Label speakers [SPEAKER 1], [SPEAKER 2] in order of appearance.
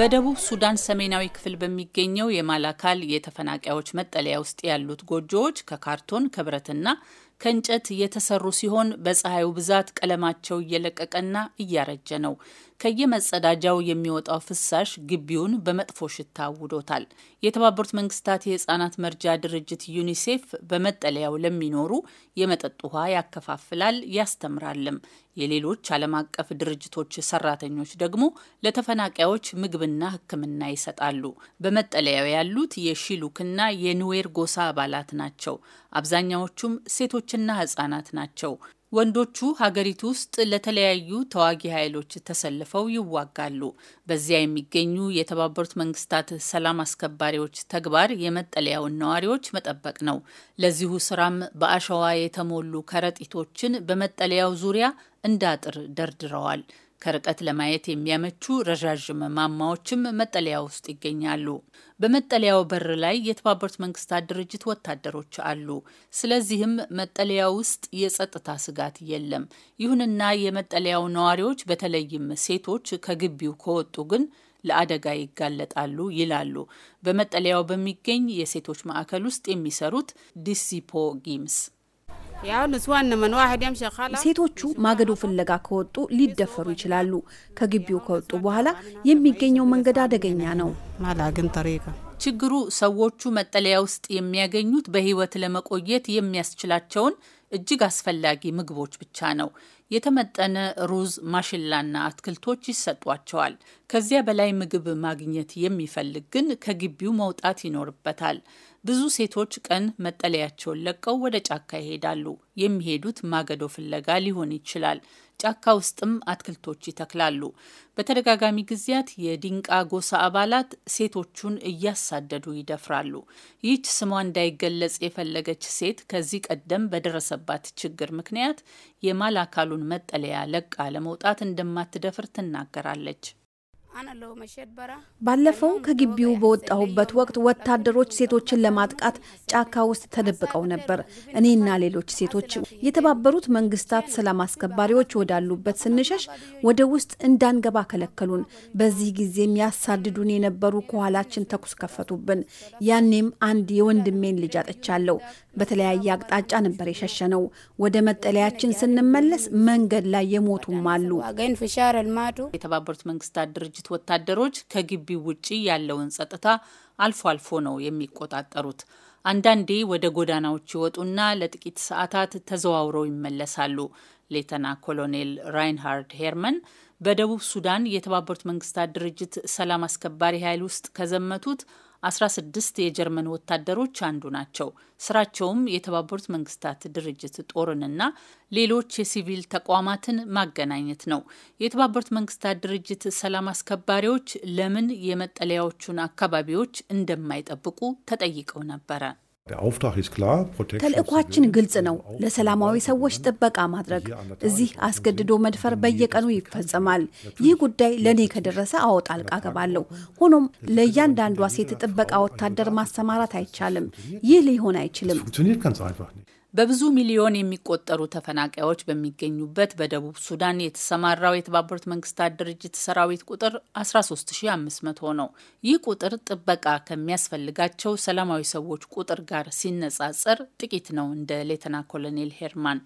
[SPEAKER 1] በደቡብ ሱዳን ሰሜናዊ ክፍል በሚገኘው የማላካል የተፈናቃዮች መጠለያ ውስጥ ያሉት ጎጆዎች ከካርቶን ከብረትና ከእንጨት የተሰሩ ሲሆን በፀሐዩ ብዛት ቀለማቸው እየለቀቀና እያረጀ ነው። ከየመጸዳጃው የሚወጣው ፍሳሽ ግቢውን በመጥፎ ሽታ አውዶታል። የተባበሩት መንግስታት የህፃናት መርጃ ድርጅት ዩኒሴፍ በመጠለያው ለሚኖሩ የመጠጥ ውሃ ያከፋፍላል፣ ያስተምራልም። የሌሎች ዓለም አቀፍ ድርጅቶች ሰራተኞች ደግሞ ለተፈናቃዮች ምግብና ሕክምና ይሰጣሉ። በመጠለያው ያሉት የሺሉክና የኑዌር ጎሳ አባላት ናቸው። አብዛኛዎቹም ሴቶች ሴቶችና ህጻናት ናቸው። ወንዶቹ ሀገሪቱ ውስጥ ለተለያዩ ተዋጊ ኃይሎች ተሰልፈው ይዋጋሉ። በዚያ የሚገኙ የተባበሩት መንግስታት ሰላም አስከባሪዎች ተግባር የመጠለያውን ነዋሪዎች መጠበቅ ነው። ለዚሁ ስራም በአሸዋ የተሞሉ ከረጢቶችን በመጠለያው ዙሪያ እንዳጥር ደርድረዋል። ከርቀት ለማየት የሚያመቹ ረዣዥም ማማዎችም መጠለያ ውስጥ ይገኛሉ። በመጠለያው በር ላይ የተባበሩት መንግስታት ድርጅት ወታደሮች አሉ። ስለዚህም መጠለያ ውስጥ የጸጥታ ስጋት የለም። ይሁንና የመጠለያው ነዋሪዎች በተለይም ሴቶች ከግቢው ከወጡ ግን ለአደጋ ይጋለጣሉ ይላሉ። በመጠለያው በሚገኝ የሴቶች ማዕከል ውስጥ የሚሰሩት ዲሲፖ ጊምስ
[SPEAKER 2] ሴቶቹ ማገዶ ፍለጋ ከወጡ ሊደፈሩ ይችላሉ። ከግቢው ከወጡ በኋላ የሚገኘው መንገድ አደገኛ ነው።
[SPEAKER 1] ችግሩ ሰዎቹ መጠለያ ውስጥ የሚያገኙት በሕይወት ለመቆየት የሚያስችላቸውን እጅግ አስፈላጊ ምግቦች ብቻ ነው። የተመጠነ ሩዝ፣ ማሽላና አትክልቶች ይሰጧቸዋል። ከዚያ በላይ ምግብ ማግኘት የሚፈልግ ግን ከግቢው መውጣት ይኖርበታል። ብዙ ሴቶች ቀን መጠለያቸውን ለቀው ወደ ጫካ ይሄዳሉ። የሚሄዱት ማገዶ ፍለጋ ሊሆን ይችላል። ጫካ ውስጥም አትክልቶች ይተክላሉ። በተደጋጋሚ ጊዜያት የዲንቃ ጎሳ አባላት ሴቶቹን እያሳደዱ ይደፍራሉ። ይህች ስሟ እንዳይገለጽ የፈለገች ሴት ከዚህ ቀደም በደረሰባት ችግር ምክንያት የማላካሉን መጠለያ ለቃ ለመውጣት እንደማትደፍር
[SPEAKER 2] ትናገራለች። ባለፈው ከግቢው በወጣሁበት ወቅት ወታደሮች ሴቶችን ለማጥቃት ጫካ ውስጥ ተደብቀው ነበር። እኔና ሌሎች ሴቶች የተባበሩት መንግስታት ሰላም አስከባሪዎች ወዳሉበት ስንሸሽ ወደ ውስጥ እንዳንገባ ከለከሉን። በዚህ ጊዜም ያሳድዱን የነበሩ ከኋላችን ተኩስ ከፈቱብን። ያኔም አንድ የወንድሜን ልጅ አጥቻለሁ። በተለያየ አቅጣጫ ነበር የሸሸነው። ወደ መጠለያችን ስንመለስ መንገድ ላይ የሞቱም አሉ።
[SPEAKER 1] የተባበሩት መንግስታት ድርጅት የድርጅት ወታደሮች ከግቢው ውጪ ያለውን ጸጥታ አልፎ አልፎ ነው የሚቆጣጠሩት። አንዳንዴ ወደ ጎዳናዎች ይወጡና ለጥቂት ሰዓታት ተዘዋውረው ይመለሳሉ። ሌተና ኮሎኔል ራይንሃርድ ሄርመን በደቡብ ሱዳን የተባበሩት መንግስታት ድርጅት ሰላም አስከባሪ ኃይል ውስጥ ከዘመቱት 16 የጀርመን ወታደሮች አንዱ ናቸው። ስራቸውም የተባበሩት መንግስታት ድርጅት ጦርንና ሌሎች የሲቪል ተቋማትን ማገናኘት ነው። የተባበሩት መንግስታት ድርጅት ሰላም አስከባሪዎች ለምን የመጠለያዎቹን አካባቢዎች
[SPEAKER 2] እንደማይጠብቁ ተጠይቀው ነበረ። ተልእኳችን ግልጽ ነው፣ ለሰላማዊ ሰዎች ጥበቃ ማድረግ። እዚህ አስገድዶ መድፈር በየቀኑ ይፈጸማል። ይህ ጉዳይ ለእኔ ከደረሰ አዎ ጣልቃ ሆኖም ለእያንዳንዷ ሴት ጥበቃ ወታደር ማሰማራት አይቻልም። ይህ ሊሆን አይችልም። በብዙ
[SPEAKER 1] ሚሊዮን የሚቆጠሩ ተፈናቃዮች በሚገኙበት በደቡብ ሱዳን የተሰማራው የተባበሩት መንግስታት ድርጅት ሰራዊት ቁጥር 13500 ነው። ይህ ቁጥር ጥበቃ ከሚያስፈልጋቸው ሰላማዊ ሰዎች ቁጥር ጋር ሲነጻጸር ጥቂት ነው። እንደ ሌተና ኮሎኔል ሄርማን